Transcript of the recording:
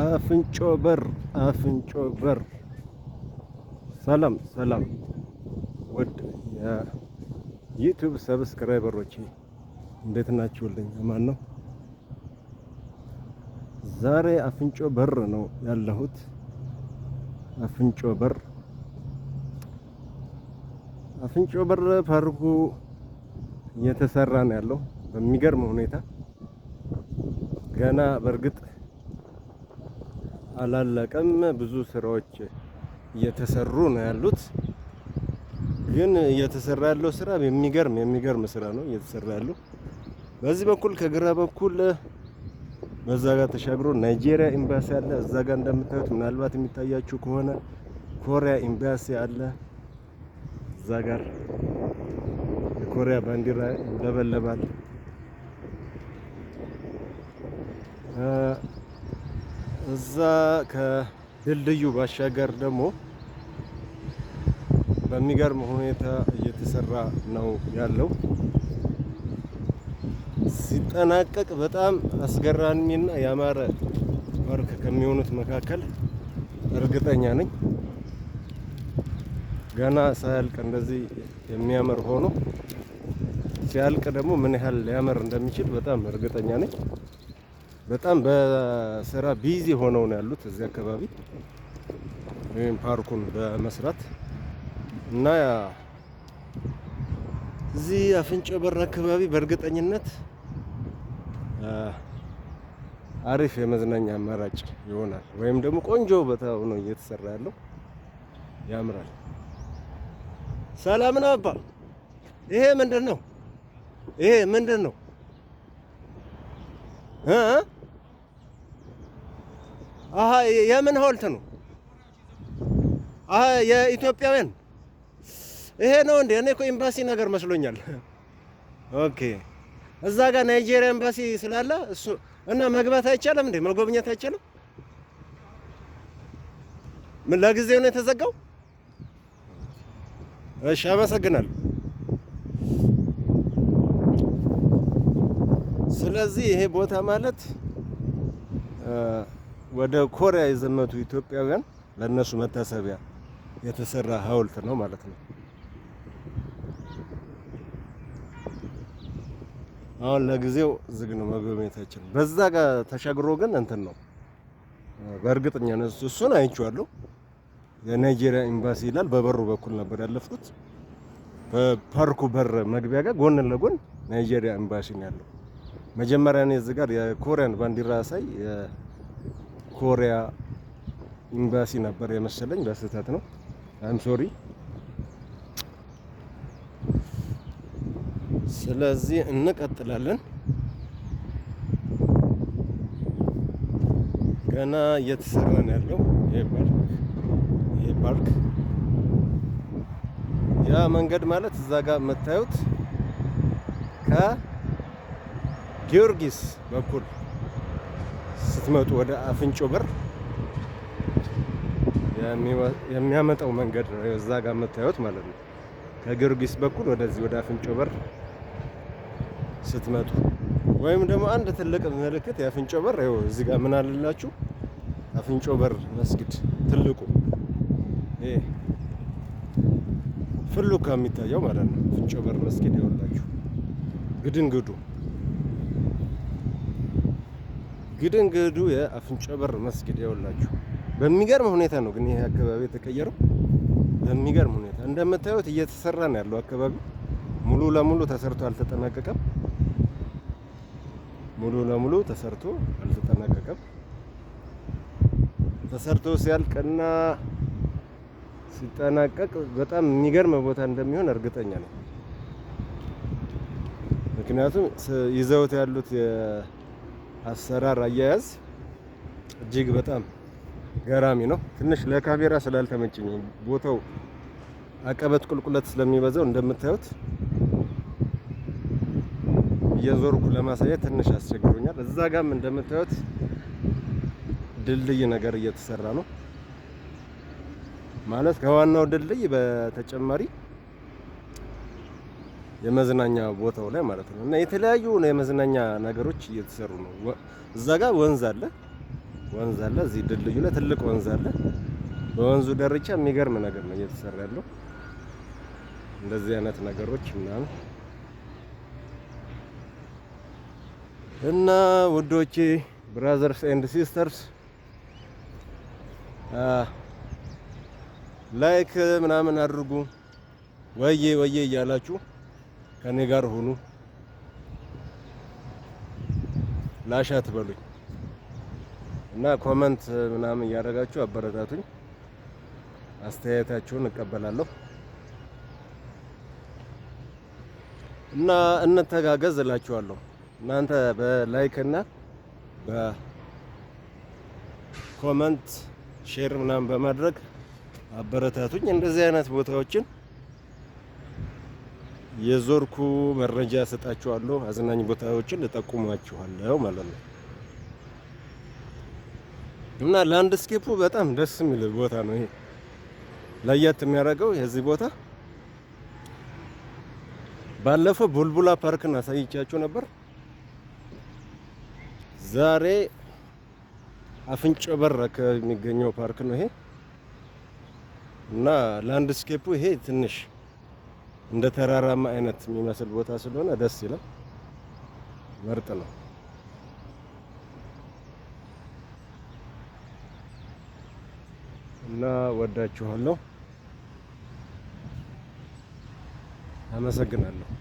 አፍንጮ በር አፍንጮ በር። ሰላም ሰላም፣ ውድ የዩቲዩብ ሰብስክራይበሮች እንዴት ናችሁልኝ? ማን ነው? ዛሬ አፍንጮ በር ነው ያለሁት። አፍንጮ በር አፍንጮ በር ፓርኩ እየተሰራ ነው ያለው በሚገርም ሁኔታ ገና በእርግጥ አላለቀም። ብዙ ስራዎች እየተሰሩ ነው ያሉት። ግን እየተሰራ ያለው ስራ የሚገርም የሚገርም ስራ ነው እየተሰራ ያለው። በዚህ በኩል ከግራ በኩል በዛ ጋር ተሻግሮ ናይጄሪያ ኤምባሲ አለ። እዛ ጋር እንደምታዩት ምናልባት የሚታያችሁ ከሆነ ኮሪያ ኤምባሲ አለ። እዛ ጋር የኮሪያ ባንዲራ ይውለበለባል። እዛ ከድልድዩ ባሻገር ደግሞ በሚገርም ሁኔታ እየተሰራ ነው ያለው። ሲጠናቀቅ በጣም አስገራሚና ያማረ ፓርክ ከሚሆኑት መካከል እርግጠኛ ነኝ። ገና ሳያልቅ እንደዚህ የሚያምር ሆኖ ሲያልቅ ደግሞ ምን ያህል ሊያምር እንደሚችል በጣም እርግጠኛ ነኝ። በጣም በስራ ቢዚ ሆነው ነው ያሉት እዚህ አካባቢ ወይም ፓርኩን በመስራት እና እዚህ አፍንጮ በር አካባቢ በእርግጠኝነት አሪፍ የመዝናኛ አማራጭ ይሆናል። ወይም ደግሞ ቆንጆ ቦታ ሆኖ እየተሰራ ያለው ያምራል። ሰላም ነው አባ። ይሄ ምንድን ነው? ይሄ ምንድን ነው? የምን ሀውልት ነው? የኢትዮጵያውያን ይሄ ነው እንዴ? እኔ እኮ ኤምባሲ ነገር መስሎኛል። ኦኬ፣ እዛ ጋር ናይጄሪያ ኤምባሲ ስላለ እሱ እና መግባት አይቻልም እንዴ? መጎብኘት አይቻልም? ምን ለጊዜው ነው የተዘጋው? እሺ፣ አመሰግናለሁ። ስለዚህ ይሄ ቦታ ማለት ወደ ኮሪያ የዘመቱ ኢትዮጵያውያን ለእነሱ መታሰቢያ የተሰራ ሐውልት ነው ማለት ነው። አሁን ለጊዜው ዝግ ነው መጎብኘታችን። በዛ ጋር ተሻግሮ ግን እንትን ነው በእርግጠኛ ነው። እሱን አይቼዋለሁ። የናይጄሪያ ኤምባሲ ይላል። በበሩ በኩል ነበር ያለፍኩት። በፓርኩ በር መግቢያ ጋር ጎን ለጎን ናይጄሪያ ኤምባሲ ነው ያለው። መጀመሪያ እኔ እዚህ ጋር የኮሪያን ባንዲራ ሳይ ኮሪያ ኤምባሲ ነበር የመሰለኝ። በስህተት ነው። አይም ሶሪ። ስለዚህ እንቀጥላለን። ገና እየተሰራ ነው ያለው ይሄ ይሄ ፓርክ ያ መንገድ ማለት እዛ ጋር የምታዩት ከጊዮርጊስ በኩል ስትመጡ ወደ አፍንጮ በር የሚያመጣው መንገድ ነው። እዛ ጋር የምታዩት ማለት ነው። ከጊዮርጊስ በኩል ወደዚህ ወደ አፍንጮ በር ስትመጡ ወይም ደግሞ አንድ ትልቅ ምልክት የአፍንጮ በር ይኸው እዚህ ጋር ምን አለላችሁ? አፍንጮ በር መስጊድ ትልቁ ይሄ ፍሉካ የሚታየው ማለት ነው። አፍንጮ በር መስጊድ ይኸውላችሁ ግድንግዱ ግድንግዱ የአፍንጮ በር መስጊድ ይኸውላችሁ፣ በሚገርም ሁኔታ ነው ግን ይሄ አካባቢ የተቀየረው። በሚገርም ሁኔታ እንደምታዩት እየተሰራ ነው ያለው አካባቢ ሙሉ ለሙሉ ተሰርቶ አልተጠናቀቀም። ሙሉ ለሙሉ ተሰርቶ አልተጠናቀቀም። ተሰርቶ ሲያልቅና ሲጠናቀቅ በጣም የሚገርም ቦታ እንደሚሆን እርግጠኛ ነው። ምክንያቱም ይዘውት ያሉት አሰራር አያያዝ እጅግ በጣም ገራሚ ነው። ትንሽ ለካሜራ ስላልተመቸኝ ቦታው አቀበት ቁልቁለት ስለሚበዛው እንደምታዩት እየዞርኩ ለማሳየት ትንሽ አስቸግሮኛል። እዛ ጋም እንደምታዩት ድልድይ ነገር እየተሰራ ነው ማለት ከዋናው ድልድይ በተጨማሪ የመዝናኛ ቦታው ላይ ማለት ነው። እና የተለያዩ የመዝናኛ ነገሮች እየተሰሩ ነው። እዛ ጋር ወንዝ አለ ወንዝ አለ። እዚህ ድልድዩ ላይ ትልቅ ወንዝ አለ። በወንዙ ዳርቻ የሚገርም ነገር ነው እየተሰራ ያለው እንደዚህ አይነት ነገሮች ምናምን እና ውዶቼ ብራዘርስ ኤንድ ሲስተርስ ላይክ ምናምን አድርጉ ወዬ ወዬ እያላችሁ ከኔ ጋር ሁኑ። ላሻ ትበሉኝ እና ኮመንት ምናምን እያደረጋችሁ አበረታቱኝ። አስተያየታችሁን እቀበላለሁ እና እንተጋገዝ እላችኋለሁ። እናንተ በላይክ እና በኮመንት ሼር ምናምን በማድረግ አበረታቱኝ። እንደዚህ አይነት ቦታዎችን የዞርኩ መረጃ እሰጣችኋለሁ። አዝናኝ ቦታዎችን እጠቁማችኋለሁ ማለት ነው እና ላንድስኬፑ በጣም ደስ የሚል ቦታ ነው። ይሄ ለየት የሚያደርገው የዚህ ቦታ ባለፈው ቡልቡላ ፓርክን አሳይቻችሁ ነበር። ዛሬ አፍንጮ በር አካባቢ የሚገኘው ፓርክ ነው ይሄ እና ላንድስኬፑ ይሄ ትንሽ እንደ ተራራማ አይነት የሚመስል ቦታ ስለሆነ ደስ ይላል። ምርጥ ነው። እና ወዳችኋለሁ። አመሰግናለሁ።